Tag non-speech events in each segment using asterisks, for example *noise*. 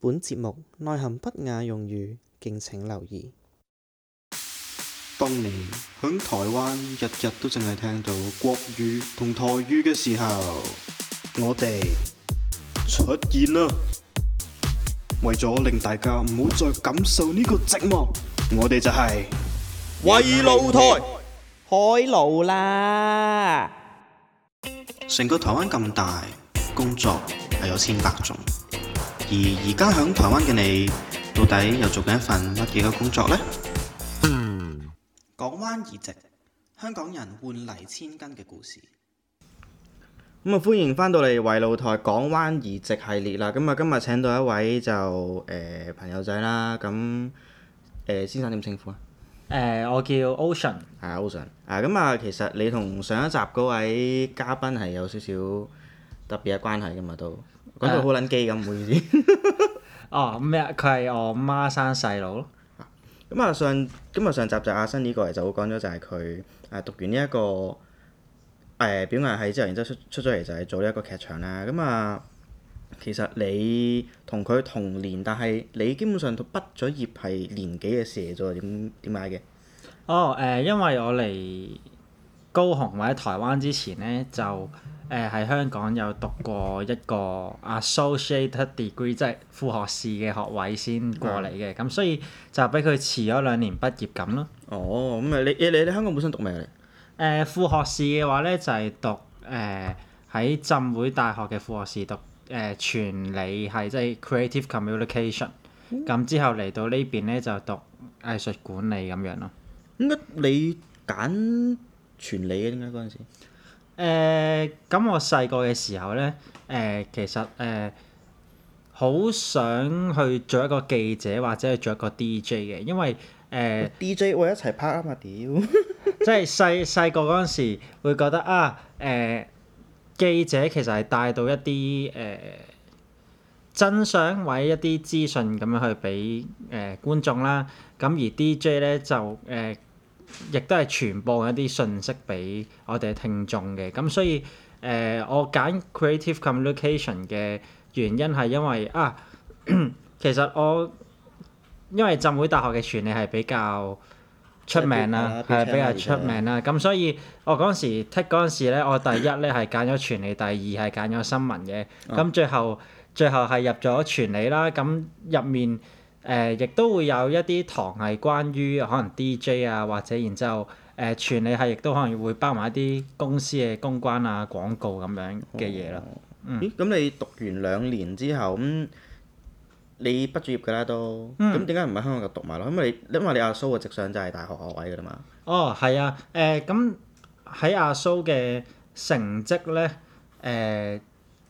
本節目內含不雅用語，敬請留意。當年響台灣日日都淨係聽到國語同台語嘅時候，我哋出現啦，為咗令大家唔好再感受呢個寂寞，我哋就係為路台開路啦。成個台灣咁大，工作係有千百種。而而家喺台灣嘅你，到底又做緊一份乜嘢嘅工作呢？港灣移植，香港人換嚟千金嘅故事。咁啊、嗯，歡迎翻到嚟《圍爐台港灣移植》系列啦。咁啊，今日請到一位就誒、呃、朋友仔啦。咁、嗯、誒、呃，先生點稱呼啊？誒、呃，我叫 Ocean。係 Ocean。啊，咁啊，其實你同上一集嗰位嘉賓係有少少特別嘅關係㗎嘛？都。講到好撚基咁，唔好意思。哦，咩啊？佢係我媽生細佬咯。咁啊，上咁啊，今上集就阿新呢個嚟，就講咗就係佢誒讀完呢、這、一個誒、呃、表演系之後，然之後出出咗嚟就係做呢一個劇場啦。咁啊，其實你同佢同年，但係你基本上佢畢咗業係年幾嘅事嚟咋？點點解嘅？哦，誒、呃，因為我嚟高雄或者台灣之前咧就。誒喺、呃、香港有讀過一個 associated degree，d 即係副學士嘅學位先過嚟嘅，咁、哦、所以就俾佢遲咗兩年畢業咁咯。哦，咁你你你，你，你香港本身讀咩嚟？誒、呃、副學士嘅話咧，就係、是、讀誒喺、呃、浸會大學嘅副學士讀誒傳、呃、理，係即係 creative communication、嗯。咁之後嚟到邊呢邊咧，就讀藝術管理咁樣咯。點解你揀傳理嘅？點解嗰陣時？誒咁、呃、我細個嘅時候咧，誒、呃、其實誒好、呃、想去做一個記者或者去做一個 DJ 嘅，因為誒、呃、DJ 會一齊拍啊嘛屌！ *laughs* 即係細細個嗰陣時會覺得啊誒、呃、記者其實係帶到一啲誒、呃、真相或者一啲資訊咁樣去俾誒、呃、觀眾啦，咁而 DJ 咧就誒、呃亦都係傳播一啲信息俾我哋嘅聽眾嘅，咁所以誒、呃，我揀 creative communication 嘅原因係因為啊，其實我因為浸會大學嘅傳理係比較出名啦，係比較出名啦，咁所以我嗰陣時剔嗰陣時咧，我第一咧係揀咗傳理，第二係揀咗新聞嘅，咁最後、哦、最後係入咗傳理啦，咁入面。誒，亦、呃、都會有一啲堂係關於可能 DJ 啊，或者然之後誒，傳理系亦都可能會包埋一啲公司嘅公關啊、廣告咁樣嘅嘢咯。咦？咁你讀完兩年之後咁、嗯，你畢咗業㗎啦都。咁點解唔喺香港度讀埋咯？嗯、因為你因為你阿蘇嘅直上就係大學學位㗎啦嘛。哦，係啊。誒、呃，咁喺阿蘇嘅成績咧，誒、呃。嗯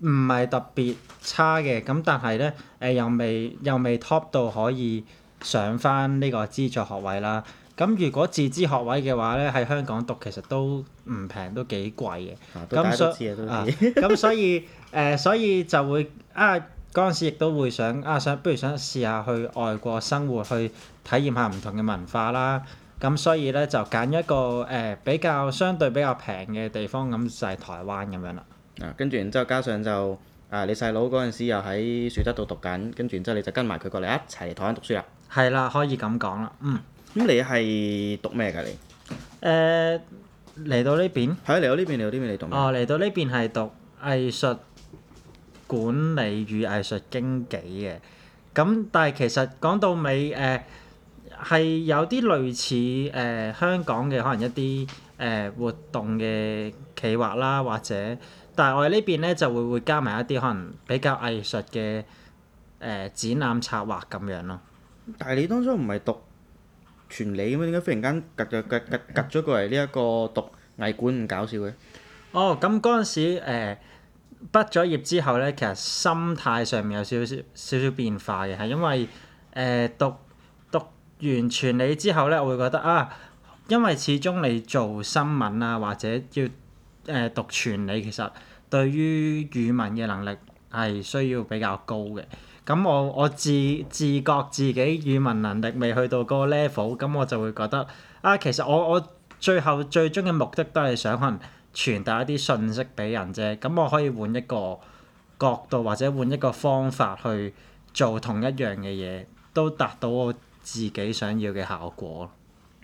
唔係特別差嘅，咁但係咧，誒、呃、又未又未 top 到可以上翻呢個資助學位啦。咁如果自資學位嘅話咧，喺香港讀其實都唔平，都幾貴嘅。咁、啊、 *laughs* 所以咁所以誒，所以就會啊嗰陣時亦都會想啊，想不如想試下去外國生活，去體驗下唔同嘅文化啦。咁所以咧就揀一個誒、呃、比較相對比較平嘅地方，咁就係台灣咁樣啦。跟住然之後，啊、加上就誒、啊、你細佬嗰陣時又喺樹德度讀緊，跟住然之後你就跟埋佢過嚟一齊嚟台灣讀書啦。係啦，可以咁講啦。嗯。咁你係讀咩㗎？你誒嚟到呢邊？係啊，嚟到呢邊嚟到呢邊？你讀咩？哦，嚟到呢邊係讀藝術管理與藝術經紀嘅。咁但係其實講到尾誒係有啲類似誒、呃、香港嘅可能一啲誒、呃、活動嘅企劃啦，或者～但係我哋呢邊咧就會會加埋一啲可能比較藝術嘅誒、呃、展覽策劃咁樣咯。但係你當初唔係讀傳理咁樣，點解忽然間及趌趌趌咗過嚟呢一個讀藝館咁搞笑嘅？哦，咁嗰陣時誒、呃、畢咗業之後咧，其實心態上面有少少少少變化嘅，係因為誒、呃、讀讀完傳理之後咧，我會覺得啊，因為始終你做新聞啊或者要誒、呃、讀傳理，其實對於語文嘅能力係需要比較高嘅，咁我我自自覺自己語文能力未去到嗰個 level，咁我就會覺得啊，其實我我最後最終嘅目的都係想可能傳達一啲信息俾人啫，咁我可以換一個角度或者換一個方法去做同一樣嘅嘢，都達到我自己想要嘅效果。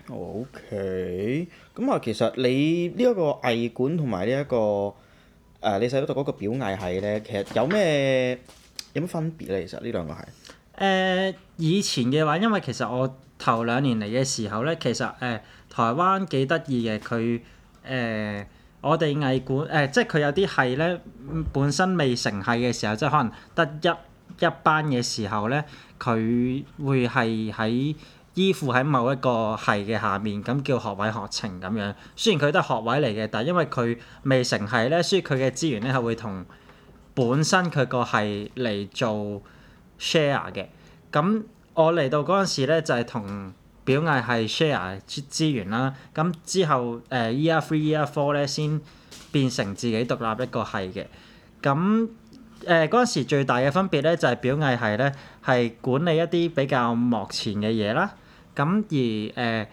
OK，咁啊，其實你呢一個藝管同埋呢一個。誒，你細嗰度嗰個表藝系咧，其實有咩有乜分別咧？其實呢兩個係誒以前嘅話，因為其實我頭兩年嚟嘅時候咧，其實誒、呃、台灣幾得意嘅，佢誒、呃、我哋藝管誒、呃，即係佢有啲系咧本身未成系嘅時候，即係可能得一一班嘅時候咧，佢會係喺依附喺某一個系嘅下面，咁叫學位學程咁樣。雖然佢都係學位嚟嘅，但係因為佢未成系咧，所以佢嘅資源咧係會同本身佢個系嚟做 share 嘅。咁我嚟到嗰陣時咧，就係、是、同表藝系 share 資源啦。咁之後誒、呃、year three year four 咧先變成自己獨立一個系嘅。咁誒嗰陣時最大嘅分別咧，就係、是、表藝系咧係管理一啲比較幕前嘅嘢啦。咁而誒、呃、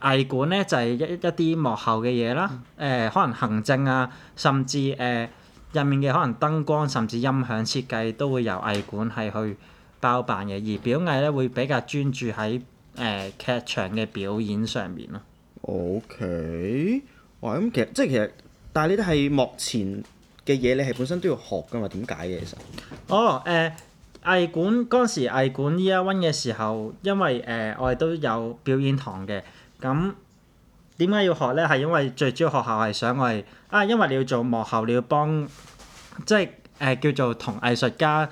藝管咧就係、是、一一啲幕後嘅嘢啦，誒、呃、可能行政啊，甚至誒入、呃、面嘅可能燈光，甚至音響設計都會由藝管係去包辦嘅，而表藝咧會比較專注喺誒、呃、劇場嘅表演上面咯。O、okay. K，哇！咁其實即係其實，但係呢啲係幕前嘅嘢，你係本身都要學㗎嘛？點解嘅其實？哦，誒、呃。藝管嗰陣時，藝管 year one 嘅時候，因為誒、呃、我哋都有表演堂嘅，咁點解要學咧？係因為最主要學校係想我哋啊，因為你要做幕後，你要幫即係誒、呃、叫做同藝術家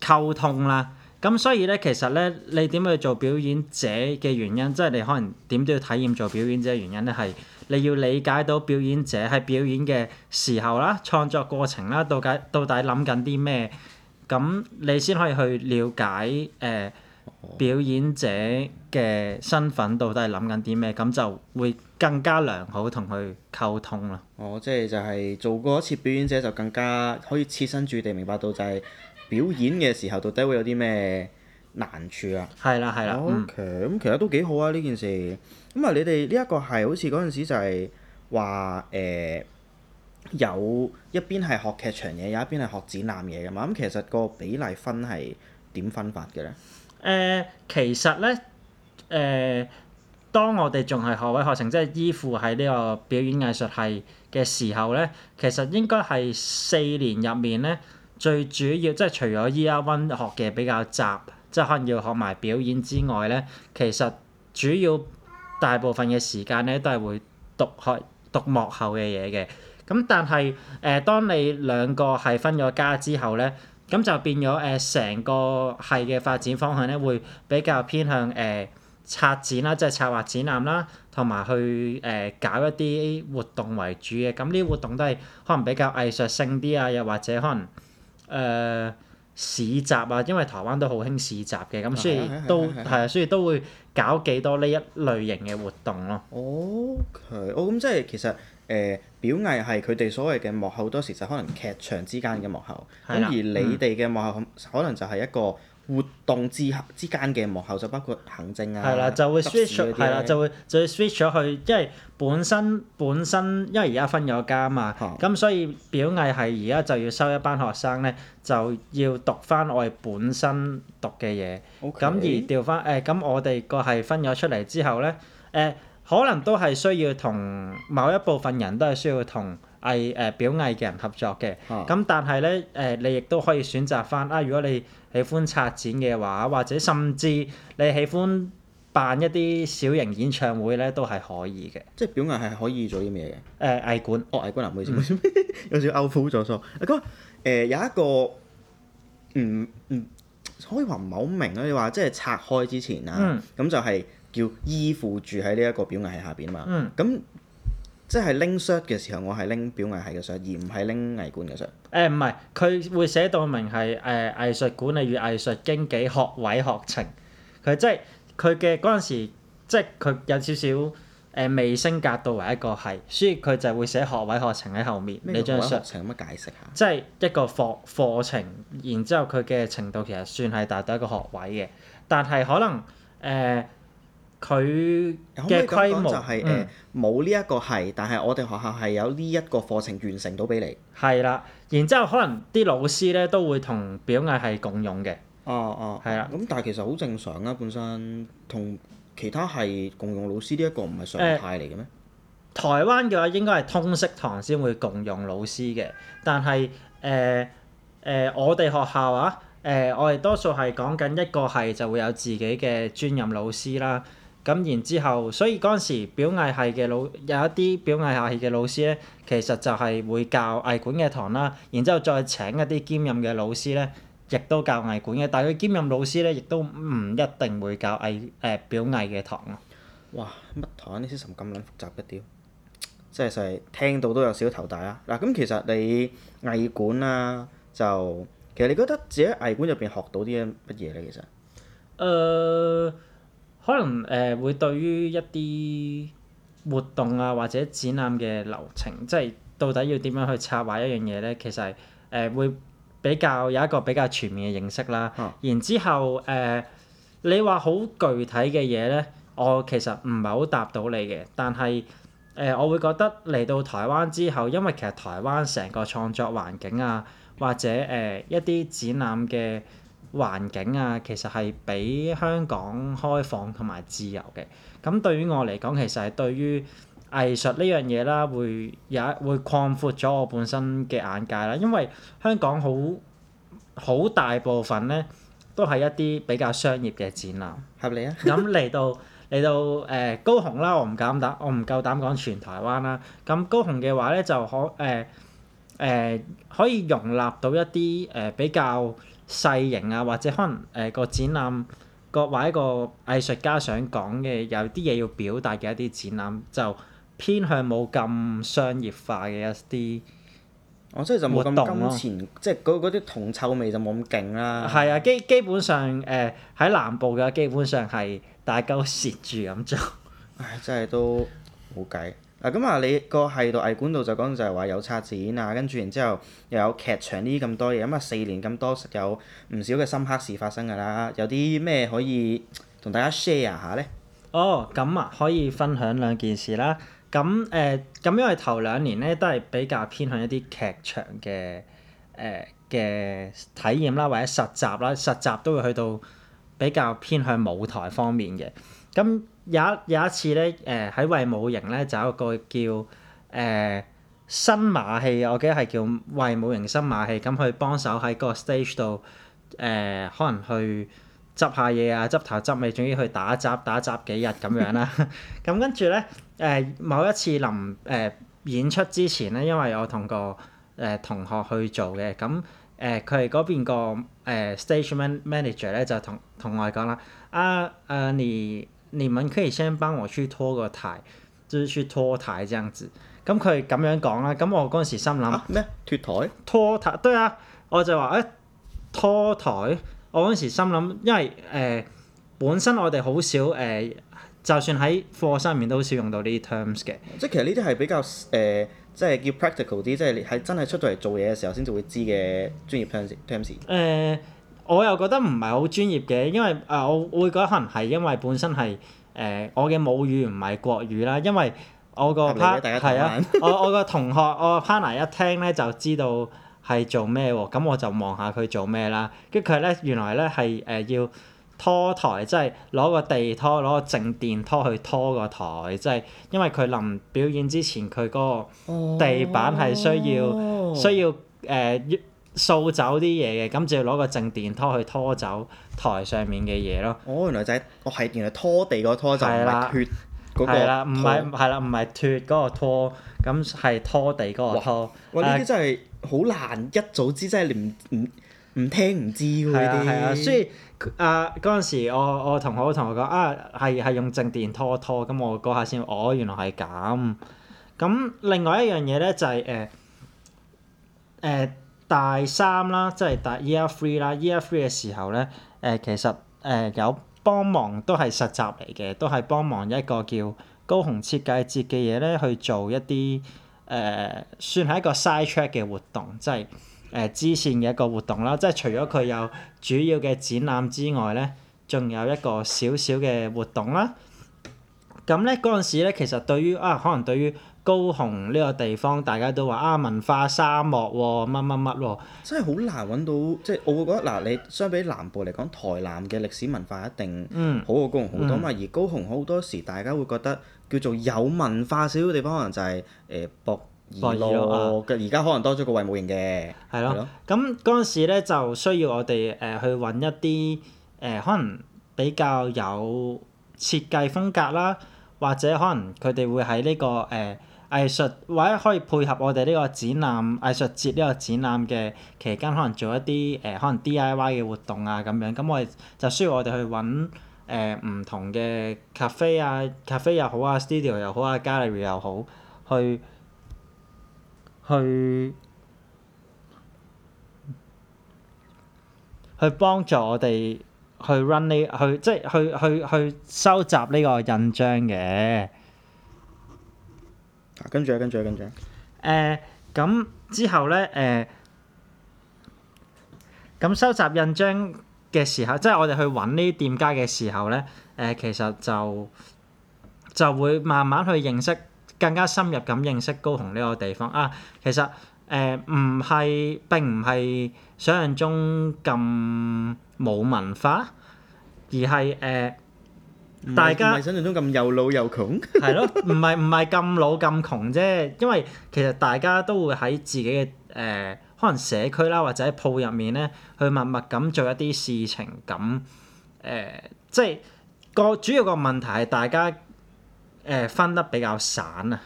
溝通啦。咁所以咧，其實咧，你點去做表演者嘅原因，即係你可能點都要體驗做表演者嘅原因咧，係你要理解到表演者喺表演嘅時候啦、創作過程啦，到底到底諗緊啲咩？咁你先可以去了解誒、呃哦、表演者嘅身份到底係諗緊啲咩，咁就會更加良好同佢溝通啦。哦，即係就係做過一次表演者就更加可以設身處地明白到就係表演嘅時候到底會有啲咩難處啦、啊。係啦，係啦。OK，咁、嗯、其實都幾好啊呢件事。咁啊，你哋呢一個係好似嗰陣時就係話誒。有一邊係學劇場嘢，有一邊係學展覽嘢嘅嘛。咁其實個比例分係點分法嘅咧？誒，其實咧誒、呃，當我哋仲係學位學成，即係依附喺呢個表演藝術系嘅時候咧，其實應該係四年入面咧，最主要即係除咗 Year One 學嘅比較雜，即係可能要學埋表演之外咧，其實主要大部分嘅時間咧都係會讀學讀幕後嘅嘢嘅。咁但係誒、呃，當你兩個係分咗家之後咧，咁就變咗誒，成、呃、個系嘅發展方向咧，會比較偏向誒、呃、策展啦，即、就、係、是、策劃展覽啦，同埋去誒、呃、搞一啲活動為主嘅。咁呢啲活動都係可能比較藝術性啲啊，又或者可能誒、呃、市集啊，因為台灣都好興市集嘅，咁、嗯、所以都係啊，所以都會搞幾多呢一類型嘅活動咯。OK 哦，咁即係其實。其實誒、呃、表藝係佢哋所謂嘅幕後，好多時就可能劇場之間嘅幕後。咁的而你哋嘅幕後可能就係一個活動之之間嘅幕後，就包括行政啊、係啦，就會 switch 係啦，就會就會 switch 咗去，因為本身本身、嗯、因為而家分咗家嘛，咁、嗯、所以表藝係而家就要收一班學生咧，就要讀翻我哋本身讀嘅嘢。咁 Okay? 而調翻誒，咁、呃、我哋個係分咗出嚟之後咧，誒、呃。可能都係需要同某一部分人都係需要同藝誒表藝嘅人合作嘅，咁、啊、但係咧誒，你亦都可以選擇翻啊、呃！如果你喜歡策展嘅話，或者甚至你喜歡辦一啲小型演唱會咧，都係可以嘅。即係表藝係可以做啲咩嘅？誒藝館哦，藝館啊，唔好意思，嗯、 *laughs* 有少少 out of 咗數。啊咁誒，有一個唔唔、嗯嗯、可以話唔係好明啦。你話即係拆開之前啊，咁、嗯、就係、是。叫依附住喺呢一個表藝系下邊啊嘛，咁、嗯、即係拎 shirt 嘅時候，我係拎表藝系嘅 shirt，而唔係拎藝館嘅 shirt。誒唔係，佢會寫到明係誒、呃、藝術管理與藝術經紀學位學程。佢即係佢嘅嗰陣時，即係佢有少少誒未升格到為一個系，所以佢就會寫學位學程喺後面。學學你將學程咁乜解釋下。即係一個課課程，然後之後佢嘅程度其實算係達到一個學位嘅，但係可能誒。呃佢嘅規模可可就係誒冇呢一個係，但係我哋學校係有呢一個課程完成到俾你。係啦，然之後可能啲老師咧都會同表藝係共用嘅。哦哦、啊，係、啊、啦。咁的但係其實好正常啊，本身同其他係共用老師呢一個唔係常態嚟嘅咩？台灣嘅話應該係通識堂先會共用老師嘅，但係誒誒我哋學校啊誒、呃、我哋多數係講緊一個係就會有自己嘅專任老師啦。咁然之後，所以嗰陣時表藝系嘅老有一啲表藝系嘅老師咧，其實就係會教藝管嘅堂啦。然之後再請一啲兼任嘅老師咧，亦都教藝管嘅。但係佢兼任老師咧，亦都唔一定會教藝誒、呃、表藝嘅堂咯。哇！乜堂？呢啲神咁撚複雜嘅屌，真係即係聽到都有少少頭大啊！嗱，咁其實你藝管啦，就其實你覺得自己喺藝管入邊學到啲乜嘢咧？其實，誒、呃。可能誒、呃、會對於一啲活動啊或者展覽嘅流程，即係到底要點樣去策劃一樣嘢咧，其實誒、呃、會比較有一個比較全面嘅認識啦。嗯、然之後誒、呃，你話好具體嘅嘢咧，我其實唔係好答到你嘅，但係誒、呃、我會覺得嚟到台灣之後，因為其實台灣成個創作環境啊，或者誒、呃、一啲展覽嘅。環境啊，其實係比香港開放同埋自由嘅。咁對於我嚟講，其實係對於藝術呢樣嘢啦，會有會擴闊咗我本身嘅眼界啦。因為香港好好大部分咧，都係一啲比較商業嘅展覽。合理啊。咁 *laughs* 嚟到嚟到誒、呃、高雄啦，我唔敢膽，我唔夠膽講全台灣啦。咁高雄嘅話咧，就可誒誒、呃呃、可以容納到一啲誒、呃、比較。細型啊，或者可能誒、呃那個展覽，個或者一個藝術家想講嘅，有啲嘢要表達嘅一啲展覽，就偏向冇咁商業化嘅一啲，啊。哦，所以就冇咁金錢，啊、即係嗰嗰啲銅臭味就冇咁勁啦。係啊，基基本上誒喺南部嘅，基本上係大家都蝕住咁做。唉，真係都冇計。啊，咁啊，你個係度藝管度就講就係話有策展啊，跟住然之後又有劇場呢啲咁多嘢。咁、嗯、啊四年咁多有唔少嘅深刻事發生㗎啦，有啲咩可以同大家 share 下咧？哦，咁啊，可以分享兩件事啦。咁、嗯、誒，咁、呃、因為頭兩年咧都係比較偏向一啲劇場嘅誒嘅體驗啦，或者實習啦，實習都會去到比較偏向舞台方面嘅。咁、嗯有一有一次咧，誒喺衛武營咧，就有一個叫誒、呃、新馬戲，我記得係叫衛武營新馬戲，咁佢幫手喺個 stage 度誒，可能去執下嘢啊、執頭執尾，總之去打雜打雜幾日咁樣啦。咁 *laughs* *laughs* 跟住咧，誒、呃、某一次臨誒、呃、演出之前咧，因為我同個誒、呃、同學去做嘅，咁誒佢哋嗰邊、個誒、呃、stage man manager 咧就同同我講啦，啊阿、啊、你。你們可以先幫我去拖個台，就係、是、去拖台，這樣子。咁佢咁樣講啦。咁我嗰陣時心諗咩？脱、啊、台拖台，對啊。我就話誒、欸、拖台。我嗰陣時心諗，因為誒、呃、本身我哋好少誒、呃，就算喺課室入面都好少用到呢啲 terms 嘅。即係其實呢啲係比較誒，即、呃、係、就是、叫 practical 啲，即係你喺真係出到嚟做嘢嘅時候先至會知嘅專業 terms。terms、呃。誒。我又覺得唔係好專業嘅，因為誒，我會覺得可能係因為本身係誒、呃，我嘅母語唔係國語啦，因為我個 partner 係啊，我我個同學我個 partner 一聽咧就知道係做咩喎，咁我就望下佢做咩啦，跟住佢咧原來咧係誒要拖台，即係攞個地拖攞個靜電拖去拖個台，即係因為佢臨表演之前佢嗰個地板係需要、哦、需要誒。呃掃走啲嘢嘅，咁就要攞個靜電拖去拖走台上面嘅嘢咯。哦，原來就係，哦係原來拖地個拖就唔係脫嗰個拖，唔係，係啦，唔係脫嗰個拖，咁係拖地嗰個拖。哇！呢啲真係好難一早知，真係唔唔唔聽唔知㗎嗰啲。係啊係啊，所以啊嗰陣時，我我同學我同學講啊，係係用靜電拖一拖，咁我嗰下先，哦原來係咁。咁另外一樣嘢咧就係誒誒。大三啦，即係大 Year Three 啦，Year Three 嘅時候咧，誒、呃、其實誒、呃、有幫忙都係實習嚟嘅，都係幫忙一個叫高雄設計節嘅嘢咧去做一啲誒、呃、算係一個 side track 嘅活動，即係誒支線嘅一個活動啦。即係除咗佢有主要嘅展覽之外咧，仲有一個少少嘅活動啦。咁咧嗰陣時咧，其實對於啊，可能對於。高雄呢個地方，大家都話啊文化沙漠喎、哦，乜乜乜喎，真係好難揾到。即係我會覺得嗱、啊，你相比南部嚟講，台南嘅歷史文化一定好過、嗯、高雄好多嘛。嗯、而高雄好多時，大家會覺得叫做有文化少少嘅地方，可能就係、是、誒、呃、博爾博羅啊。而家可能多咗個衛武營嘅。係咯、啊。咁嗰陣時咧，就需要我哋誒、呃、去揾一啲誒、呃，可能比較有設計風格啦，或者可能佢哋會喺呢、這個誒。呃呃呃呃藝術或者可以配合我哋呢個展覽藝術節呢個展覽嘅期間，可能做一啲誒、呃、可能 D.I.Y 嘅活動啊咁樣，咁我哋就需要我哋去揾誒唔同嘅 cafe 啊 cafe 又好啊 studio 又好啊 gallery 又 *music* 好去去去去幫助我哋去 run 呢去即係去去去收集呢個印章嘅。跟住啊，跟住啊，跟住啊！誒，咁之後咧，誒，咁收集印章嘅時候，即係我哋去揾呢啲店家嘅時候咧，誒，其實就就會慢慢去認識，更加深入咁認識高雄呢個地方啊。其實誒，唔係並唔係想像中咁冇文化，而係誒。大家唔係想像中咁又老又窮，係咯，唔係唔係咁老咁窮啫。因為其實大家都會喺自己嘅誒、呃，可能社區啦，或者喺鋪入面咧，去默默咁做一啲事情咁。誒，即、呃、係、就是、個主要個問題係大家誒、呃、分得比較散啊。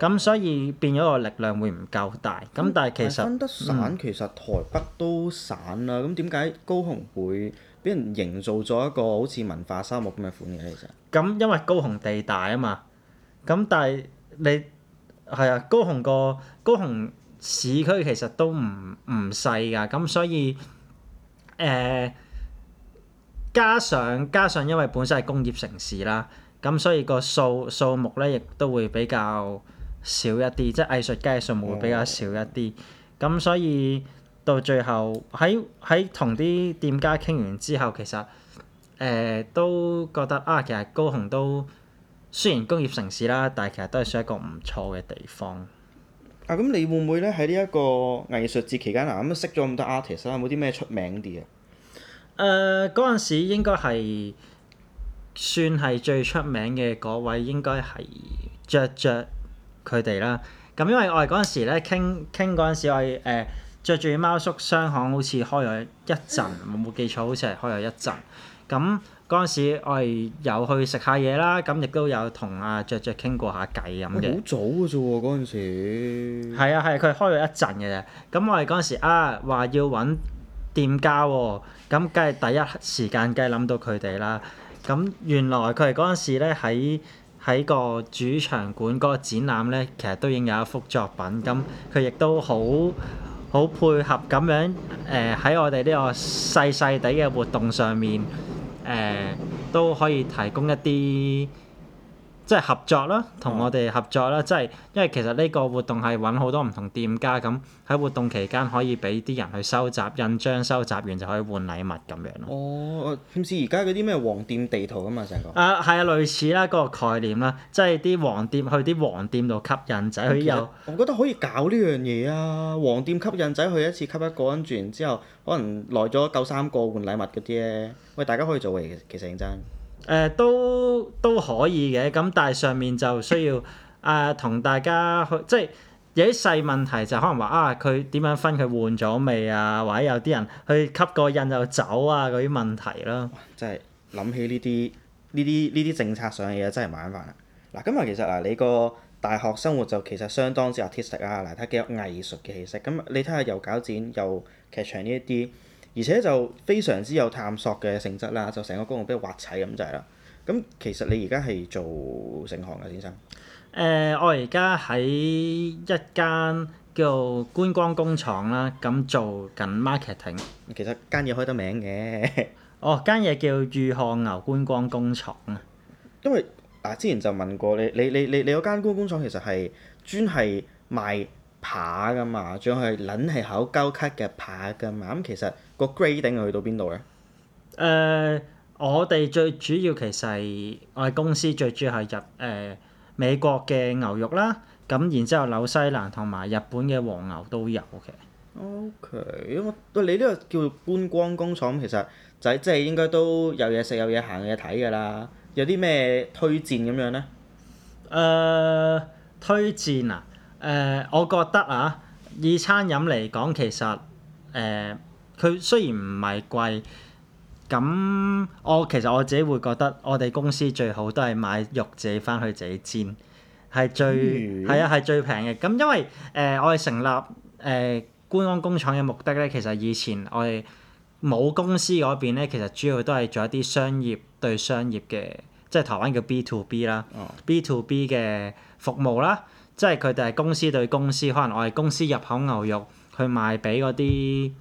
咁、哦、所以變咗個力量會唔夠大。咁那但係其實分得散，嗯、其實台北都散啦。咁點解高雄會？俾人營造咗一個好似文化沙漠咁嘅款嘅。其實咁因為高雄地大啊嘛，咁但係你係啊，高雄個高雄市區其實都唔唔細㗎，咁所以誒、呃、加上加上因為本身係工業城市啦，咁所以個數數目咧亦都會比較少一啲，哦、即係藝術家數目會比較少一啲，咁、哦、所以。到最後喺喺同啲店家傾完之後，其實誒、呃、都覺得啊，其實高雄都雖然工業城市啦，但係其實都係算一個唔錯嘅地方。啊！咁你會唔會咧？喺呢一個藝術節期間啊，咁識咗咁多 artist 啦，有冇啲咩出名啲啊？誒、呃，嗰陣時應該係算係最出名嘅嗰位，應該係雀雀佢哋啦。咁、嗯、因為我哋嗰陣時咧傾傾嗰陣時我，我、呃、誒。着住貓叔商行好似開咗一陣，我冇記錯，好似係開咗一陣。咁嗰、啊啊、陣時，我係有去食下嘢啦。咁亦都有同阿雀雀傾過下偈咁嘅。好早㗎啫喎！嗰陣時係啊係，佢開咗一陣嘅啫。咁我哋嗰陣時啊，話要揾店家喎，咁梗係第一時間梗係諗到佢哋啦。咁原來佢哋嗰陣時咧喺喺個主場館嗰個展覽咧，其實都已經有一幅作品。咁佢亦都好。好配合咁樣，誒、呃、喺我哋呢個細細地嘅活動上面，誒、呃、都可以提供一啲。即係合作啦，同我哋合作啦，哦、即係因為其實呢個活動係揾好多唔同店家，咁喺活動期間可以俾啲人去收集印章，收集完就可以換禮物咁樣咯。哦，好似而家嗰啲咩黃店地圖啊嘛，成個啊，係啊，類似啦嗰個概念啦，即係啲黃店去啲黃店度吸引仔去遊。嗯、有我覺得可以搞呢樣嘢啊！黃店吸引仔去一次吸一個跟住，然之後可能來咗夠三個換禮物嗰啲咧。喂，大家可以做嘅，其實認真。誒、呃、都都可以嘅，咁但係上面就需要誒、呃、同大家去，即係有啲細問題就可能話啊，佢點樣分佢換咗未啊，或者有啲人去吸個印又走啊嗰啲問題咯。哇！真係諗起呢啲呢啲呢啲政策上嘅嘢真係麻煩啦。嗱，今日其實啊，你個大學生活就其實相當之 artistic 啊，嗱，睇下幾有藝術嘅氣息。咁你睇下又搞展又劇場呢一啲。而且就非常之有探索嘅性質啦，就成個公路俾挖齊咁就係啦。咁其實你而家係做成行嘅先生？誒、呃，我而家喺一間叫做觀光工廠啦，咁做緊 marketing。其實間嘢開得名嘅。 *laughs* 哦，間嘢叫乳鴼牛觀光工廠啊。因為嗱、啊，之前就問過你，你你你你嗰間觀光工廠其實係專係賣扒㗎嘛，仲要係撚係高鳩級嘅扒㗎嘛，咁其實個 grading 去到邊度咧？誒、呃，我哋最主要其實係我哋公司最主要係入誒、呃、美國嘅牛肉啦，咁然之後紐西蘭同埋日本嘅黃牛都有嘅。OK，你呢個叫觀光工廠，其實就即係應該都有嘢食、有嘢行、有嘢睇㗎啦。有啲咩推薦咁樣咧？誒、呃，推薦啊！誒，uh, 我覺得啊，以餐飲嚟講，其實誒，佢、呃、雖然唔係貴，咁我其實我自己會覺得，我哋公司最好都係買肉自己翻去自己煎，係最係、嗯、啊，係最平嘅。咁因為誒、呃，我哋成立誒、呃、觀光工廠嘅目的咧，其實以前我哋冇公司嗰邊咧，其實主要都係做一啲商業對商業嘅，即、就、係、是、台灣叫 B to B 啦、嗯、B to B 嘅服務啦。即係佢哋係公司對公司，可能我哋公司入口牛肉去賣俾嗰啲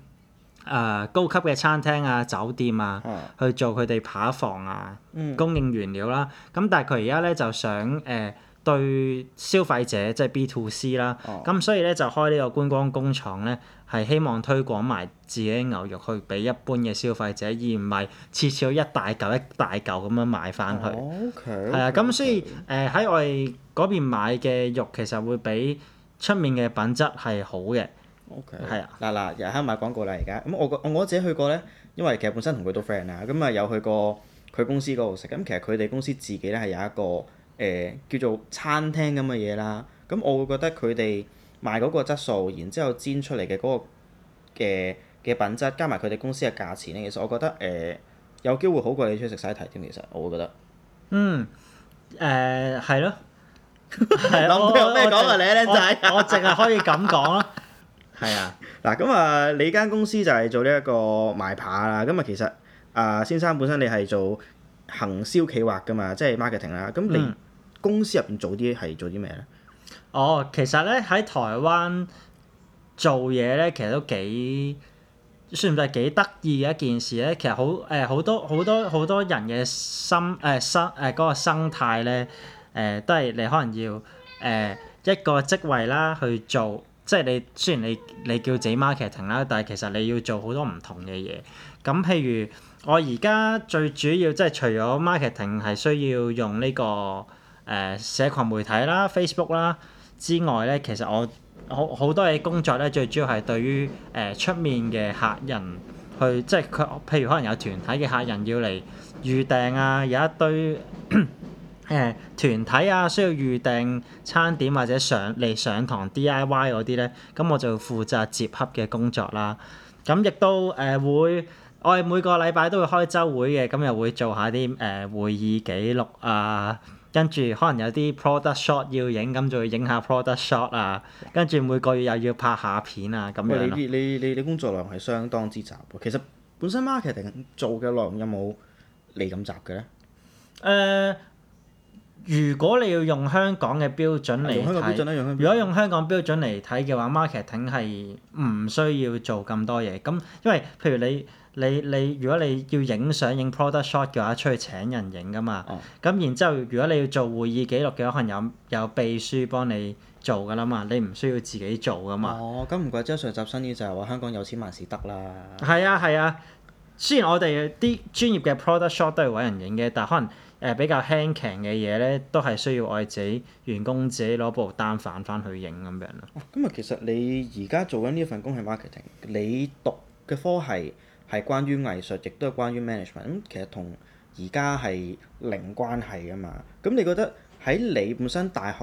誒高級嘅餐廳啊、酒店啊，嗯、去做佢哋扒房啊，供應原料啦。咁但係佢而家咧就想誒、呃、對消費者，即、就、係、是、B2C 啦。咁、嗯、所以咧就開呢個觀光工廠咧。係希望推廣埋自己嘅牛肉去俾一般嘅消費者，而唔係次次都一大嚿一大嚿咁樣買翻去。係啊 Okay,，咁所以誒喺 okay.、呃、我哋嗰邊買嘅肉其實會比出面嘅品質係好嘅。係啊 Okay, 的，嗱嗱，其實喺度賣廣告啦，而家，咁我我自己去過咧，因為其實本身同佢都 friend 啦，咁啊有去過佢公司嗰度食。咁其實佢哋公司自己咧係有一個誒、呃、叫做餐廳咁嘅嘢啦。咁我會覺得佢哋賣嗰個質素，然之後煎出嚟嘅嗰個嘅嘅品質，加埋佢哋公司嘅價錢，其實我覺得誒、呃、有機會好過你出去食西堤添。其實我會覺得，嗯誒係咯，係、呃、諗 *laughs* 有咩講啊你靚仔，我淨係我我可以咁講咯。係啊，嗱咁啊，你間公司就係做呢一個賣扒啦。咁啊，其實啊，先生本身你係做行銷企劃噶嘛，即係 marketing 啦。咁你公司入邊做啲係做啲咩咧？嗯 *laughs* 哦，其實咧喺台灣做嘢咧，其實都幾算唔算係幾得意嘅一件事咧。其實好誒，好、呃、多好多好多人嘅心誒、呃、生誒嗰、呃嗰個生態咧誒、呃，都係你可能要誒、呃、一個職位啦去做，即係你雖然你你叫自己 marketing 啦，但係其實你要做好多唔同嘅嘢。咁譬如我而家最主要即係除咗 marketing 係需要用呢、呢個誒、呃、社群媒體啦、Facebook 啦之外咧，其實我好好多嘢工作咧，最主要係對於誒出面嘅客人去，即係佢譬如可能有團體嘅客人要嚟預訂啊，有一堆誒團體啊需要預訂餐點或者上嚟上堂 DIY 嗰啲咧，咁我就負責接洽嘅工作啦。咁亦都誒、呃、會，我哋每個禮拜都會開週會嘅，咁又會做一下啲誒、呃、會議記錄啊。跟住可能有啲 product shot 要影，咁就影下 product shot 啊。跟住每個月又要拍下片啊，咁樣你。你你你工作量係相當之雜嘅。其實本身 marketing 做嘅內容有冇你咁雜嘅咧？誒、呃，如果你要用香港嘅標準嚟睇，如果用香港標準嚟睇嘅話，marketing 係唔需要做咁多嘢。咁因為譬如你。你你如果你要影相影 product shot 嘅話，出去請人影噶嘛。咁、嗯、然之後，如果你要做會議記錄嘅話，可能有有秘書幫你做㗎啦嘛。你唔需要自己做㗎嘛。哦，咁唔怪 Jasur 揀新業，Sir，就係話香港有錢還事得啦。係啊係啊，雖然我哋啲專業嘅 product shot 都係揾人影嘅，但可能誒比較輕強嘅嘢咧，都係需要我哋自己員工自己攞部單反翻去影咁樣咯。咁啊、哦，其實你而家做緊呢份工係 marketing，你讀嘅科係？係關於藝術，亦都係關於 management。咁其實同而家係零關係㗎嘛。咁你覺得喺你本身大學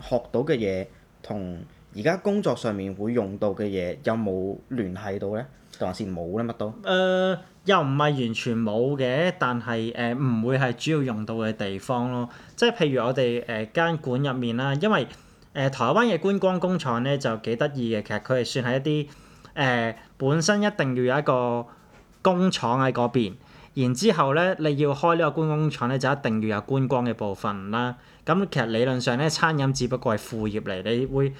學到嘅嘢，同而家工作上面會用到嘅嘢有冇聯繫到咧？還是冇咧乜都？誒、呃，又唔係完全冇嘅，但係誒唔會係主要用到嘅地方咯。即係譬如我哋誒、呃、間館入面啦，因為誒、呃、台灣嘅觀光工廠咧就幾得意嘅。其實佢係算係一啲誒、呃、本身一定要有一個。工廠喺嗰邊，然之後咧，你要開個呢個觀光工廠咧，就一定要有觀光嘅部分啦。咁其實理論上咧，餐飲只不過係副業嚟，你會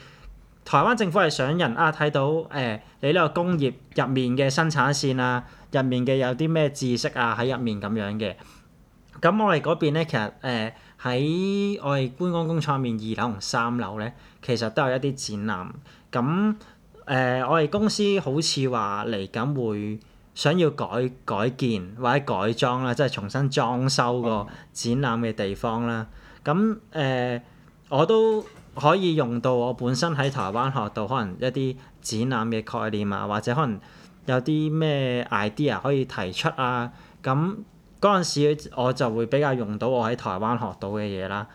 台灣政府係想人啊睇到誒、呃、你呢個工業入面嘅生產線啊，入面嘅有啲咩知識啊喺入面咁樣嘅。咁我哋嗰邊咧，其實誒喺、呃、我哋觀光工廠入面二樓同三樓咧，其實都有一啲展覽。咁誒、呃，我哋公司好似話嚟緊會。想要改改建或者改裝啦，即係重新裝修個展覽嘅地方啦。咁誒、呃，我都可以用到我本身喺台灣學到可能一啲展覽嘅概念啊，或者可能有啲咩 idea 可以提出啊。咁嗰陣時我就會比較用到我喺台灣學到嘅嘢啦。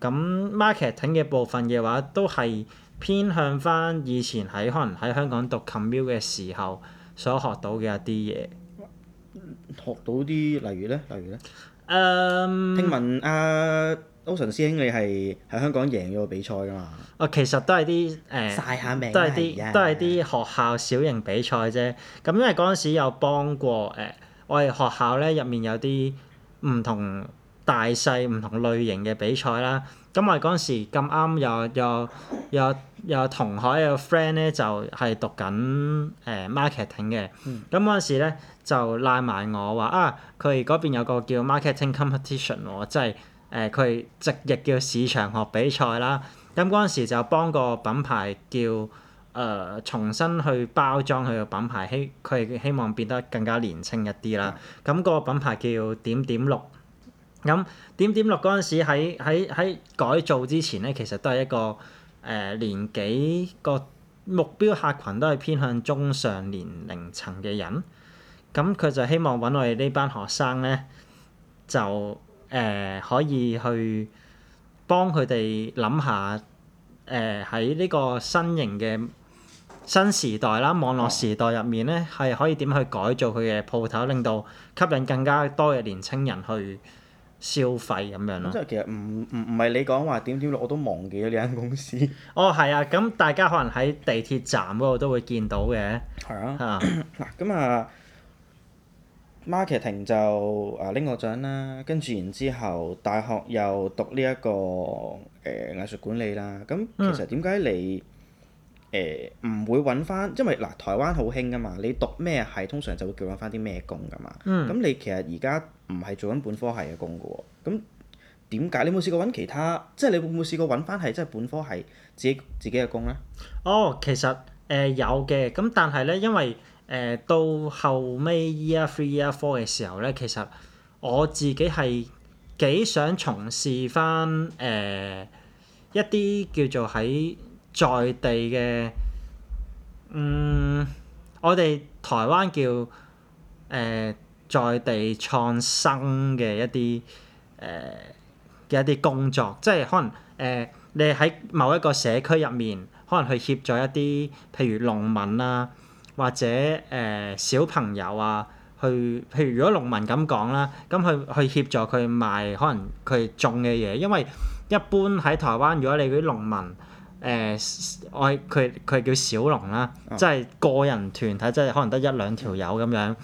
咁 marketing 嘅部分嘅話都係偏向翻以前喺可能喺香港讀 commute 嘅時候。所學到嘅一啲嘢，學到啲例如咧，例如咧，誒，um, 聽聞阿 Ocean 師兄你係喺香港贏咗個比賽㗎嘛？哦，其實都係啲誒，呃、曬下命、啊，都係啲、啊、都係啲學校小型比賽啫。咁、嗯、因為嗰陣時有幫過誒、呃，我哋學校咧入面有啲唔同。大細唔同類型嘅比賽啦。咁我哋嗰陣時咁啱有有有有同海有 friend 咧，就係、是、讀緊誒、呃、marketing 嘅。咁嗰陣時咧就拉埋我話啊，佢嗰邊有個叫 marketing competition 喎、哦，即係誒佢直譯叫市場學比賽啦。咁嗰陣時就幫個品牌叫誒、呃、重新去包裝佢個品牌，希佢係希望變得更加年輕一啲啦。咁、嗯、個品牌叫點點綠。咁點點樂嗰陣時喺喺喺改造之前咧，其實都係一個誒、呃、年紀，個目標客群都係偏向中上年齡層嘅人。咁佢就希望揾我哋呢班學生咧，就誒、呃、可以去幫佢哋諗下誒，喺呢個新型嘅新時代啦，網絡時代入面咧係可以點去改造佢嘅鋪頭，令到吸引更加多嘅年青人去消費咁樣咯。即係其實唔唔唔係你講話點點，我都忘記咗呢間公司。哦，係啊，咁大家可能喺地鐵站嗰度都會見到嘅。係啊。嗱、啊，咁 *coughs* 啊，marketing 就誒拎過獎啦，跟住然之後大學又讀呢、這、一個誒、呃、藝術管理啦。咁其實點解你？嗯誒唔、呃、會揾翻，因為嗱、呃、台灣好興噶嘛，你讀咩系通常就會叫揾翻啲咩工噶嘛。咁、嗯、你其實而家唔係做緊本科系嘅工噶喎。咁點解你冇試過揾其他？即係你會唔會試過揾翻係即係本科系自己自己嘅工咧？哦，其實誒、呃、有嘅，咁但係咧，因為誒、呃、到後尾 year three year four 嘅時候咧，其實我自己係幾想從事翻誒、呃、一啲叫做喺。在地嘅，嗯，我哋台灣叫，誒、呃，在地創生嘅、呃、一啲，誒嘅一啲工作，即係可能誒、呃，你喺某一個社區入面，可能去協助一啲，譬如農民啊，或者誒、呃、小朋友啊，去，譬如如果農民咁講啦，咁去去協助佢賣可能佢種嘅嘢，因為一般喺台灣，如果你嗰啲農民。誒我佢佢叫小農啦，啊、即係個人團體，即係可能得一兩條友咁樣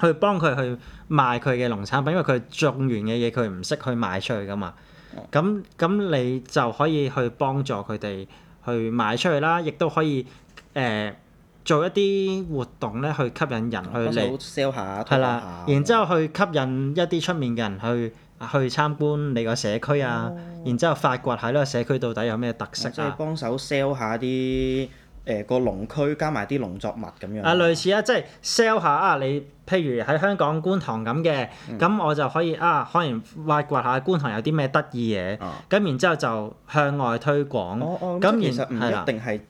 去幫佢去賣佢嘅農產品，因為佢種完嘅嘢佢唔識去賣出去噶嘛。咁咁、啊、你就可以去幫助佢哋去賣出去啦，亦都可以誒、呃、做一啲活動咧去吸引人去嚟 sell 下，係啦，然之後去吸引一啲出面嘅人去。去參觀你個社區啊，哦、然之後發掘下呢個社區到底有咩特色啊！即係幫手 sell 下啲誒、呃、個農區加埋啲農作物咁樣。啊，類似啊，即係 sell 下啊，你譬如喺香港觀塘咁嘅，咁、嗯、我就可以啊，可能發掘下觀塘有啲咩得意嘢，咁、啊、然之後就向外推廣，哦。哦哦，那 即係是 其實唔一定係。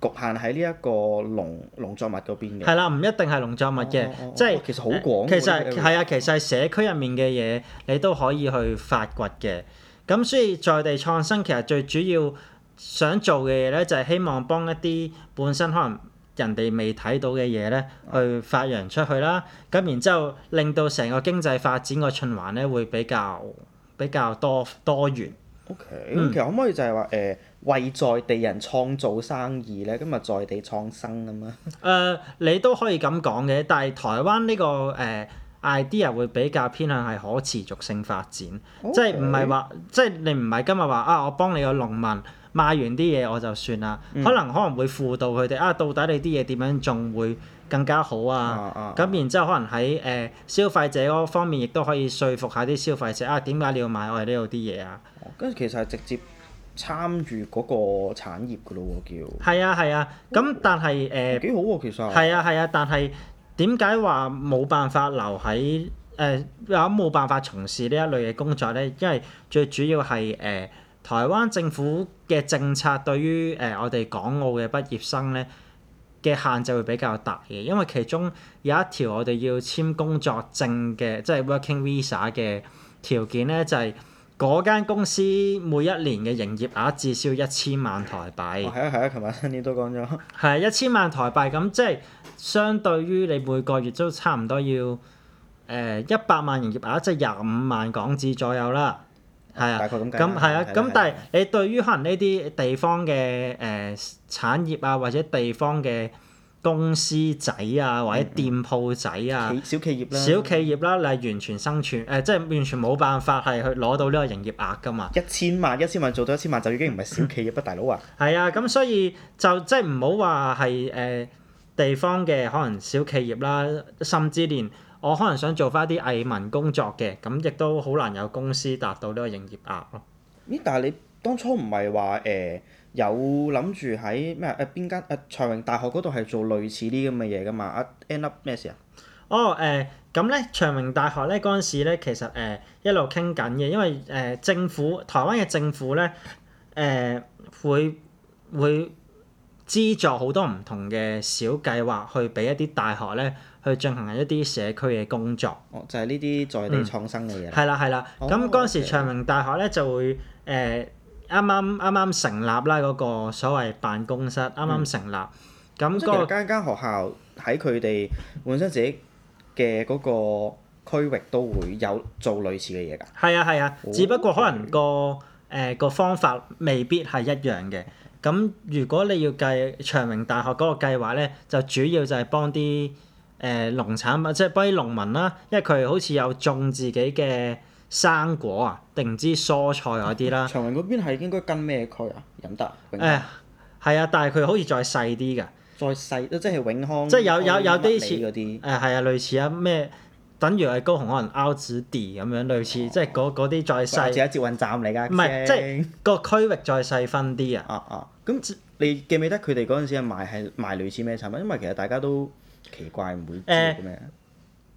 局限喺呢一個農農作物嗰邊嘅係啦，唔一定係農作物嘅，哦哦哦即係其實好廣。其實係啊，其實係社區入面嘅嘢，你都可以去發掘嘅。咁所以在地創新，其實最主要想做嘅嘢咧，就係、是、希望幫一啲本身可能人哋未睇到嘅嘢咧，嗯、去發揚出去啦。咁然之後令到成個經濟發展個循環咧，會比較比較多多元。OK。咁其實可唔可以就係話誒，呃為在地人創造生意咧，今日在地創新咁啊！誒、呃，你都可以咁講嘅，但係台灣呢、這個誒、呃、idea 會比較偏向係可持續性發展，Okay. 即係唔係話即係你唔係今日話啊，我幫你個農民賣完啲嘢我就算啦，嗯、可能可能會輔導佢哋啊，到底你啲嘢點樣種會更加好啊？咁、啊啊啊、然之後可能喺誒、呃、消費者嗰方面亦都可以說服下啲消費者啊，點解你要買我哋呢度啲嘢啊？跟住、哦、其實係直接。參與嗰個產業㗎咯喎叫。係啊係啊。咁、啊、但係誒幾好喎、啊、其實。係啊係啊，但係點解話冇辦法留喺誒又冇辦法從事呢一類嘅工作咧？因為最主要係誒、呃、台灣政府嘅政策對於誒、呃、我哋港澳嘅畢業生咧嘅限制會比較大嘅，因為其中有一條我哋要簽工作證嘅，即、就、係、是、working visa 嘅條件咧就係、是。嗰間公司每一年嘅營業額至少一千萬台幣、哦。係啊係啊，琴、啊、晚新啲都講咗。係一千萬台幣，咁即係相對於你每個月都差唔多要誒、呃、一百萬營業額，即係廿五萬港紙左右啦。係啊，咁係啊，咁但係你對於可能呢啲地方嘅誒、呃、產業,業啊，或者地方嘅。公司仔啊，或者店鋪仔啊，小企業啦，小企業啦，你係完全生存誒、呃，即係完全冇辦法係去攞到呢個營業額噶嘛。一千萬，一千萬做到一千萬，就已經唔係小企業啦， *coughs* 大佬哥啊。係啊，咁所以就即係唔好話係誒地方嘅可能小企業啦，甚至連我可能想做翻啲藝文工作嘅，咁亦都好難有公司達到呢個營業額咯。咦？但係你當初唔係話誒？呃有諗住喺咩？誒邊間誒長榮大學嗰度係做類似啲咁嘅嘢㗎嘛？啊，end up 咩事啊？哦，誒咁咧，長榮大學咧嗰陣時咧，其實誒、呃、一路傾緊嘅，因為誒、呃、政府台灣嘅政府咧誒、呃、會會資助好多唔同嘅小計劃去俾一啲大學咧去進行一啲社區嘅工作。哦、就係呢啲在地創新嘅嘢。係啦係啦，咁嗰陣時長榮大學咧就會誒。呃啱啱啱啱成立啦，嗰、個所謂辦公室啱啱、嗯、成立。咁嗰其實間間學校喺佢哋本身自己嘅嗰個區域都會有做類似嘅嘢㗎。係啊係啊，啊哦、只不過可能個誒個、呃、方法未必係一樣嘅。咁如果你要計長榮大學嗰個計劃咧，就主要就係幫啲誒農產品，即係幫啲農民啦，因為佢好似有種自己嘅。生果啊，定唔知蔬菜嗰啲啦。長榮嗰邊係應該跟咩區啊？飲得。誒，係、哎、啊，但係佢好似再細啲嘅。再細即係永康。即係有有有啲似嗰啲。係、哎、啊，類似啊咩？等於係高雄可能凹子底咁樣，Z、D，類似、哦、即係嗰嗰啲再細。似啊捷運站嚟㗎。唔係，即係個區域再細分啲啊。咁、啊啊啊、你記唔記得佢哋嗰陣時賣係賣類似咩產品？因為其實大家都奇怪唔會知咩。啊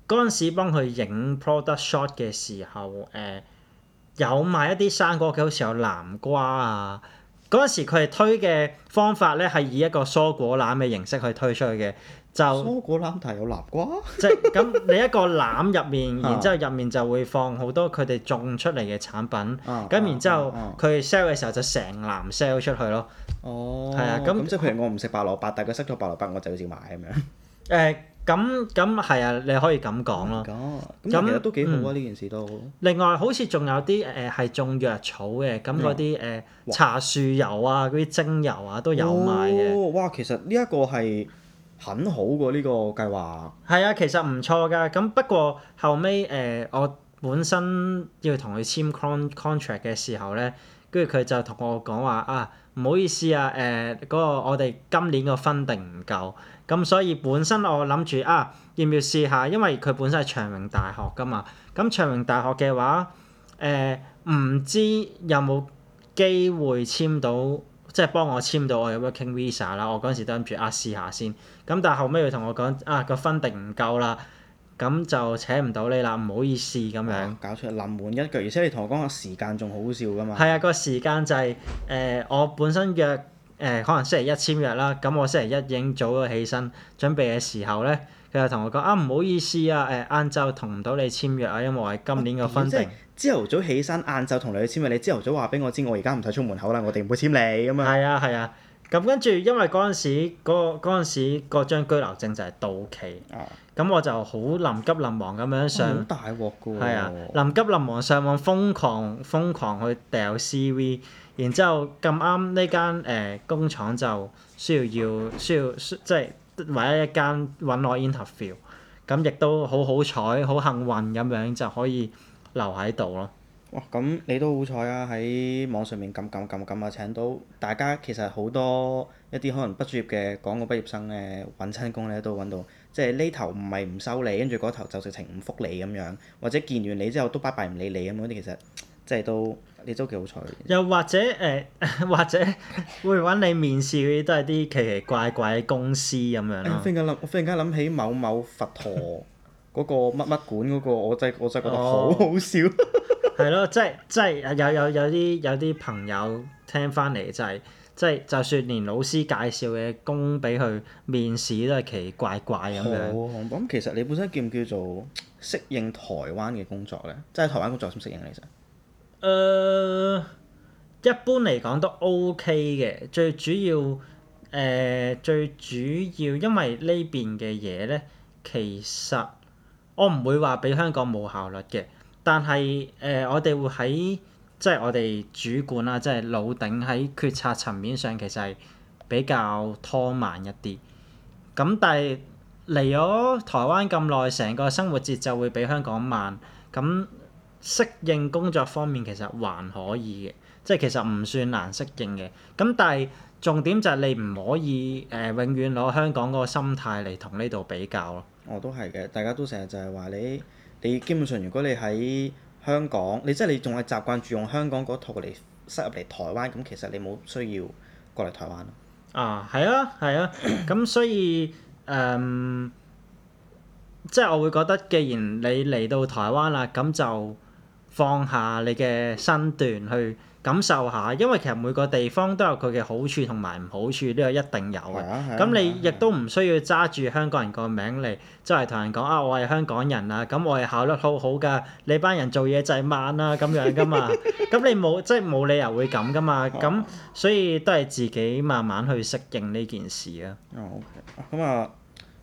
嗰陣時幫佢影 product shot 嘅時候，誒、呃、有賣一啲生果，佢好似有南瓜啊。嗰陣時佢係推嘅方法咧，係以一個蔬果籃嘅形式去推出去嘅，就蔬果籃，但係有南瓜。 *laughs* 即係咁，你一個籃入面，然之後入面就會放好多佢哋種出嚟嘅產品。咁、啊、然之後佢 sell 嘅時候就成籃 sell 出去咯。哦，係啊，咁即係譬如我唔食白蘿蔔，但係佢識咗白蘿蔔，我就要買咁樣。誒。 *laughs* 咁咁係啊，你可以咁講咯。咁都幾好啊，呢件事都。嗯、另外，好似仲有啲誒係種藥草嘅，咁嗰啲誒茶樹油啊、嗰啲精油啊都有賣嘅，哦。哇，其實呢一個係很好嘅呢、呢個計劃。係 *laughs* 啊，其實唔錯㗎。咁不過後尾誒、呃，我本身要同佢簽 contract 嘅時候咧，跟住佢就同我講話啊，唔好意思啊，誒、呃、嗰、嗰個我哋今年個分定唔夠。咁所以本身我諗住啊，要唔要試下？因為佢本身係長榮大學㗎嘛。咁長榮大學嘅話，誒唔知有冇機會簽到，即係幫我簽到我嘅 working visa 啦。我嗰陣時都諗住啊試下先。咁但係後尾佢同我講啊、這個分定唔夠啦，咁就請唔到你啦，唔好意思咁樣。哦、搞出臨門一腳，而且你同我講、啊嗰個時間仲好笑㗎嘛？係、呃、啊，個時間就係誒我本身約。誒可能星期一簽約啦，咁我星期一已經早咗起身準備嘅時候咧，佢就同我講啊，唔好意思啊，誒晏晝同唔到你簽約啊，因為我係今年嘅分、啊。即係朝頭早起身，晏晝同你去簽約，因為你朝頭早話俾我知，我而家唔使出門口啦，我哋唔會簽你咁樣。係啊係啊，咁、啊、跟住因為嗰陣時嗰嗰陣時、嗰張居留證就係到期，咁、啊、我就好臨急臨忙咁樣上。好、啊、大鑊㗎喎！係啊，臨急臨忙上網瘋狂瘋狂去掉 CV。然之後咁啱呢間誒工廠就需要要需要，需要，需要即係揾一間揾我 interview，咁亦都好好彩好幸運咁樣就可以留喺度咯。哇！咁你都好彩啊，喺網上面撳撳撳撳啊，請到大家其實好多一啲可能畢咗業嘅港澳畢業生咧揾親工咧都揾到，即係呢頭唔係唔收你，跟住嗰頭就直情唔覆你咁樣，或者見完你之後都拜拜唔理你咁嗰啲，其實即係都。你都幾好彩！又或者誒、呃，或者會揾你面試嗰啲都係啲奇奇怪怪嘅公司咁樣咯、哎。我忽然間諗，忽然間諗起某某佛陀嗰、那個乜乜 *laughs* 館嗰、那個，我真我真係覺得好好笑。係咯、哦，即係即係有有有啲有啲朋友聽翻嚟就係即係，就算連老師介紹嘅工俾佢面試都係奇奇怪怪咁樣。咁、哦嗯、其實你本身叫唔叫做適應台灣嘅工作咧？即、就、係、是、台灣工作適唔適應你？其實？誒、uh, 一般嚟講都 O K 嘅，最主要誒、呃、最主要因為呢邊嘅嘢咧，其實我唔會話比香港冇效率嘅，但係誒、呃、我哋會喺即係我哋主管啊，即係老頂喺決策層面上其實係比較拖慢一啲。咁但係嚟咗台灣咁耐，成個生活節奏會比香港慢咁。適應工作方面其實還可以嘅，即係其實唔算難適應嘅。咁但係重點就係你唔可以誒、呃、永遠攞香港嗰個心態嚟同呢度比較咯。哦，都係嘅，大家都成日就係話你你基本上如果你喺香港，你即係你仲係習慣住用香港嗰套嚟塞入嚟台灣，咁其實你冇需要過嚟台灣咯。啊，係啊，係啊，咁、啊、 *coughs* 所以誒、嗯，即係我會覺得，既然你嚟到台灣啦，咁就放下你嘅身段去感受下，因為其實每個地方都有佢嘅好處同埋唔好處，呢個一定有嘅。咁、啊啊、那你亦都唔需要揸住香港人個名嚟周圍同人講啊，我係香港人啊，咁我係考得好好㗎，你班人做嘢就係慢啊咁樣㗎嘛。咁 *laughs* 你冇即係冇理由會咁㗎嘛。咁、啊、所以都係自己慢慢去適應呢件事啊。咁啊、哦，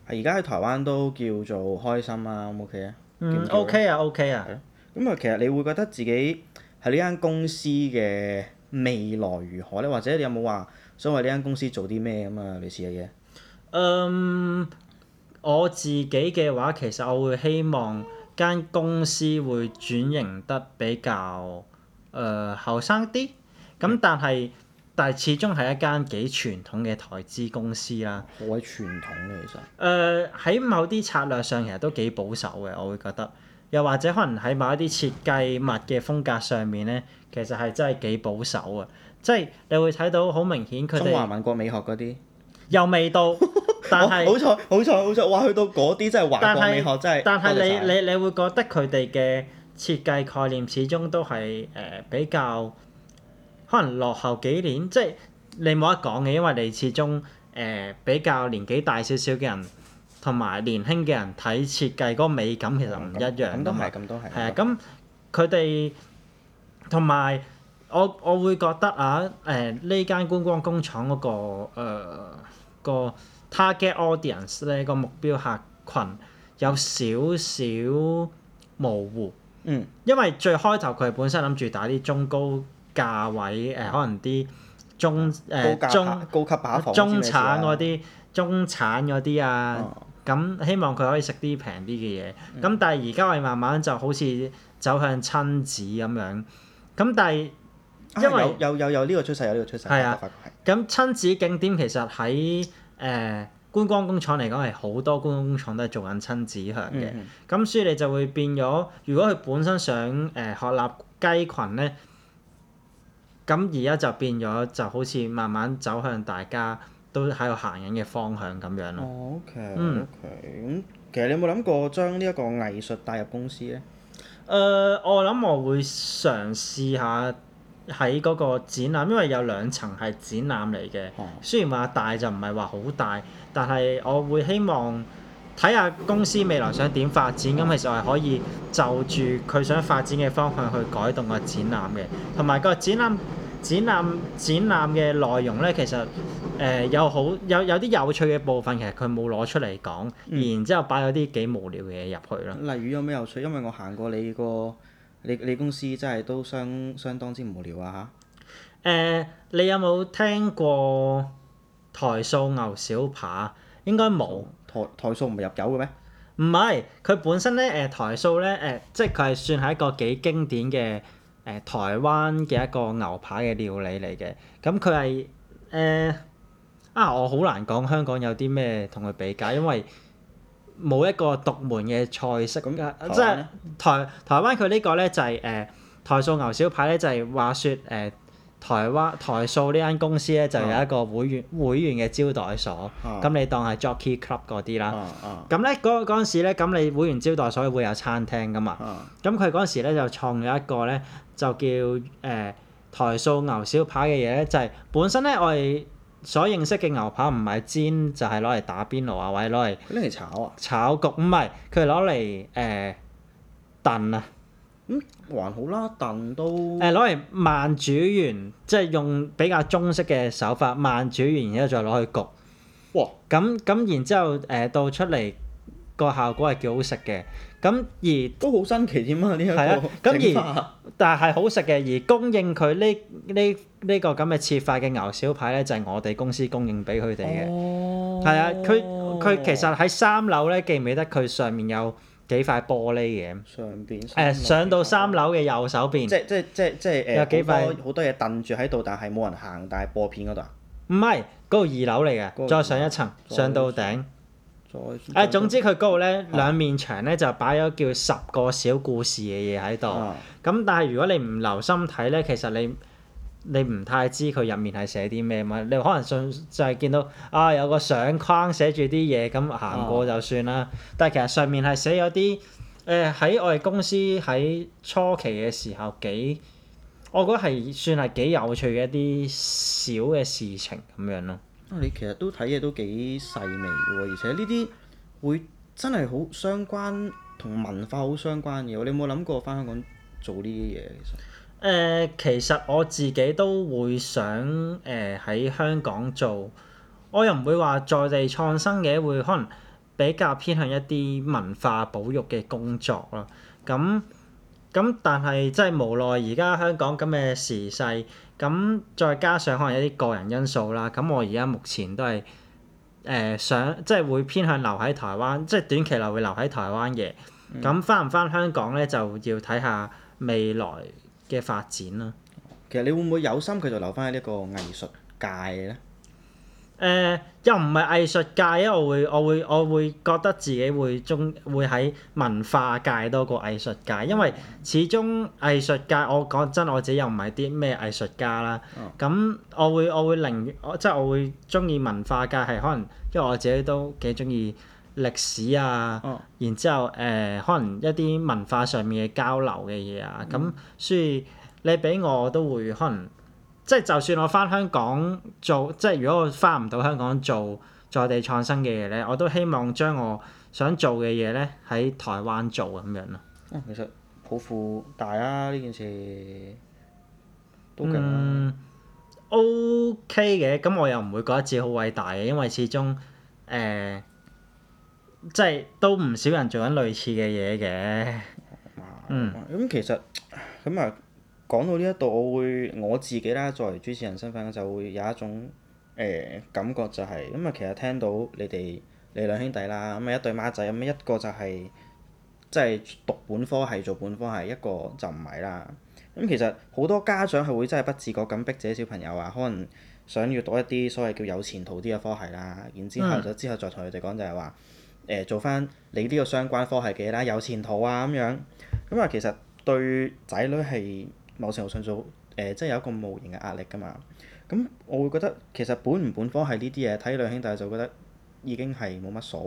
而家喺台灣都叫做開心啊，OK 啊？OK 啊，OK 啊。咁啊，其實你會覺得自己喺呢間公司嘅未來如何咧？或者你有冇話想為呢間公司做啲咩咁啊？你試下嘅。嗯，我自己嘅話，其實我會希望間公司會轉型得比較誒後生啲。咁但係，但係始終係一間幾傳統嘅台資公司啦。好鬼傳統。其實誒，喺、呃、某啲策略上，其實都幾保守嘅，我會覺得。又或者可能喺某一啲設計物嘅風格上面咧，其實係真係幾保守啊！即係你會睇到好明顯佢哋。中華民國美學嗰啲。又未到。但係。好彩好彩好彩！哇，去到嗰啲真係華國美學真係。但係你 *laughs* 你你，你，你會覺得佢哋嘅設計概念始終都係誒、呃、比較可能落後幾年，即係你冇得講嘅，因為你始終誒、呃、比較年紀大少少嘅人。同埋年輕嘅人睇設計嗰個美感其實唔一樣，係啊、嗯，咁佢哋同埋我我會覺得啊，誒呢間觀光工廠嗰、嗰個誒、呃、個 target audience 咧個目標客群有少少模糊，嗯、因為最開頭佢本身諗住打啲中高價位誒、呃，可能啲中誒、呃、中高、高級中產嗰啲、嗯、中產嗰啲啊。嗯咁希望佢可以食啲平啲嘅嘢，咁、嗯、但係而家我哋慢慢就好似走向親子咁樣。咁但係，因為有有有呢個趨勢，有呢個趨勢，係啊，咁的親子景點其實喺誒、呃、觀光工廠嚟講係好多觀光工廠都係做緊親子向嘅，咁、嗯嗯、所以你就會變咗，如果佢本身想誒、呃、鶴立雞群咧，咁而家就變咗就好似慢慢走向大家。都喺度行緊嘅方向咁樣咯。哦、okay，嗯，咁其實你有冇諗過將呢一個藝術帶入公司咧？誒、呃，我諗我會嘗試下喺嗰個展覽，因為有兩層係展覽嚟嘅。哦、嗯。雖然話大就唔係話好大，但係我會希望睇下公司未來想點發展，咁、嗯、其實係可以就住佢想發展嘅方向去改動個展覽嘅，同埋個展覽。展覽展覽嘅內容咧，其實誒、呃、有好有有啲有趣嘅部分，其實佢冇攞出嚟講，嗯、然之後擺咗啲幾無聊嘅嘢入去咯。例如有咩有趣？因為我行過你個你你公司，真係都相相當之無聊啊嚇。誒、呃，你有冇聽過台塑牛小扒？應該冇。台塑、呃、台塑唔係入油嘅咩？唔係，佢本身咧誒台塑咧誒，即係佢係算係一個幾經典嘅。誒台灣嘅一個牛排嘅料理嚟嘅，咁佢係誒啊！我好難講香港有啲咩同佢比較，因為冇一個獨門嘅菜式。咁即係台台灣佢呢個咧就係誒台塑牛小排咧就係話説誒。呃台灣台塑呢間公司咧就有一個會員、啊、會員嘅招待所，咁、啊、你當係 Jockey Club 嗰啲啦。咁咧嗰嗰陣時咧，咁你會員招待所會有餐廳噶嘛？咁佢嗰陣時咧就創咗一個咧就叫誒、呃、台塑牛小排嘅嘢咧，就係、是、本身咧我哋所認識嘅牛扒唔係煎就係攞嚟打邊爐啊，或者攞嚟攞嚟炒啊炒焗，唔係佢係攞嚟誒燉啊。咁、嗯、還好啦，燉都誒攞嚟慢煮完，即係用比較中式嘅手法慢煮完，然之後再攞去焗，咁咁哇然之後誒、呃、到出嚟個效果係幾好食嘅。咁而都好新奇添啊！呢、這、一個咁、啊，而法但係好食嘅。而供應佢呢呢呢個咁嘅切法嘅牛小排咧，就係我哋公司供應俾佢哋嘅。係、哦、啊，佢佢其實喺三樓咧，記唔記得佢上面有？幾塊玻璃嘅上邊誒、呃、上到三樓嘅右手邊，即即即即、呃、有幾塊好多嘢燉住喺度，但係冇人行，但係播片嗰度唔係嗰度二樓嚟嘅，那裡 再上一層上，上到頂，再誒、哎、總之佢嗰度咧兩面牆咧就擺咗叫十個小故事嘅嘢喺度，咁、啊、但係如果你唔留心睇咧，其實你你唔太知佢入面係寫啲咩嘛？你可能信就係見到啊有個相框寫住啲嘢咁行過就算啦。哦、但係其實上面係寫有啲誒喺我哋公司喺初期嘅時候幾，我覺得係算係幾有趣嘅一啲小嘅事情咁樣咯。你其實都睇嘢都幾細微㗎喎，而且呢啲會真係好相關同文化好相關嘅。你有冇諗過返香港做呢啲嘢其實？誒、呃，其實我自己都會想誒喺、呃、香港做，我又唔會話在地創新嘅，會可能比較偏向一啲文化保育嘅工作咯。咁、啊、咁、啊，但係即係無奈而家香港咁嘅時勢，咁、啊、再加上可能一啲個人因素啦。咁、啊、我而家目前都係誒、啊、想即係會偏向留喺台灣，即係短期內會留喺台灣嘅。咁返唔返香港咧，就要睇下未來。嘅發展啦，其實你會唔會有心繼續留返喺呢個藝術界咧？誒、呃，又唔係藝術界，因為我會我會我會覺得自己會中會喺文化界多過藝術界，因為始終藝術界我講真，我自己又唔係啲咩藝術家啦。咁、嗯、我會我會寧，我即係我會中意文化界，係可能因為我自己都幾中意，歷史啊，哦、然之後誒、呃，可能一啲文化上面嘅交流嘅嘢啊，咁、嗯、所以你畀我都會可能即係、就是、就算我返香港做，即、就、係、是、如果我返唔到香港做在地創新嘅嘢咧，我都希望將我想做嘅嘢咧喺台灣做咁樣咯。嗯、其實好富大啊！呢件事都幾、嗯、OK 嘅。咁我又唔會覺得自己好偉大嘅，因為始終誒。呃即係都唔少人做緊類似嘅嘢嘅，咁、嗯、其實咁啊，講到呢一度，我會我自己啦，作為主持人身份，就會有一種誒、呃、感覺就係、是，咁啊，其實聽到你哋你兩兄弟啦，咁啊一對孖仔，咁啊一個就係即係讀本科係做本科係，一個就唔係啦。咁其實好多家長係會真係不自覺咁逼自己小朋友啊，可能想要讀一啲所謂叫有前途啲嘅科系啦，然之後之後咗、嗯、之後再同佢哋講就係話。誒做翻你呢個相關科系嘅啦，有前途啊咁樣，咁、嗯、啊其實對仔女係某程度上就，誒、呃，即係有一個無形嘅壓力㗎嘛。咁、嗯、我會覺得其實本唔本科係呢啲嘢，睇兩兄弟就覺得已經係冇乜所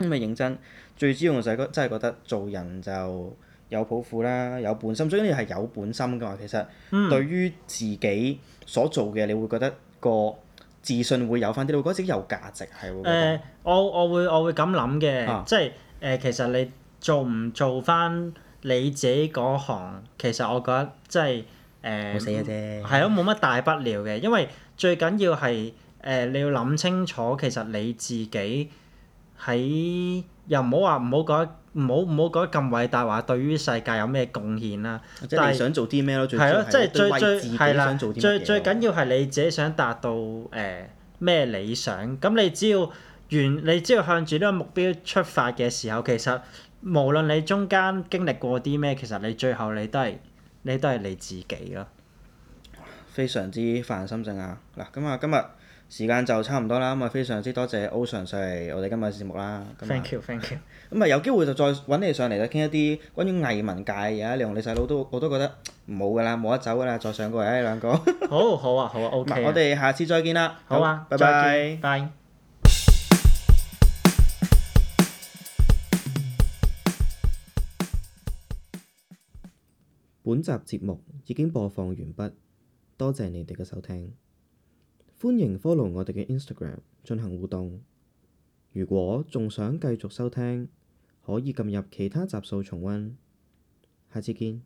謂。咁咪認真，最主要就係覺得真係覺得做人就有抱負啦，有本心，最緊要係有本心㗎嘛。其實對於自己所做嘅，你會覺得個。自信會有翻啲，我覺得自己有價值係、那個呃、會。誒，我我會我會咁諗嘅，啊、即係誒、呃，其實你做唔做翻你自己嗰行，其實我覺得即係誒，冇死嘅啫。係咯，冇乜大不了嘅，因為最緊要係誒、呃，你要諗清楚，其實你自己喺又唔好話唔好覺得。唔好唔好覺得咁偉大，話，對於世界有咩貢獻啦？但係想做啲咩咯？係咯了，即係最啦，最最緊要係你自己想達到誒咩、呃、理想。咁你只要完，你只要向住呢個目標出發嘅時候，其實無論你中間經歷過啲咩，其實你最後你都係你都係你自己咯。非常之發人深省啊！嗱，咁啊今日。時間就差唔多啦，咁啊非常之多謝 O 常上嚟我哋今日嘅節目啦。Thank you，thank you。咁啊有機會就再揾你上嚟咧，傾一啲關於藝文界嘅嘢。你同你細佬都我都覺得冇噶啦，冇得走噶啦，再上過嚟兩個。 *laughs* 好，好啊，好啊。O、okay、唔、啊，我哋下次再見啦。好啊，拜拜 bye，拜。本集節目已經播放完畢，多謝你哋嘅收聽。歡迎 follow 我哋嘅 Instagram 進行互動。如果仲想繼續收聽，可以撳入其他集數重溫。下次見。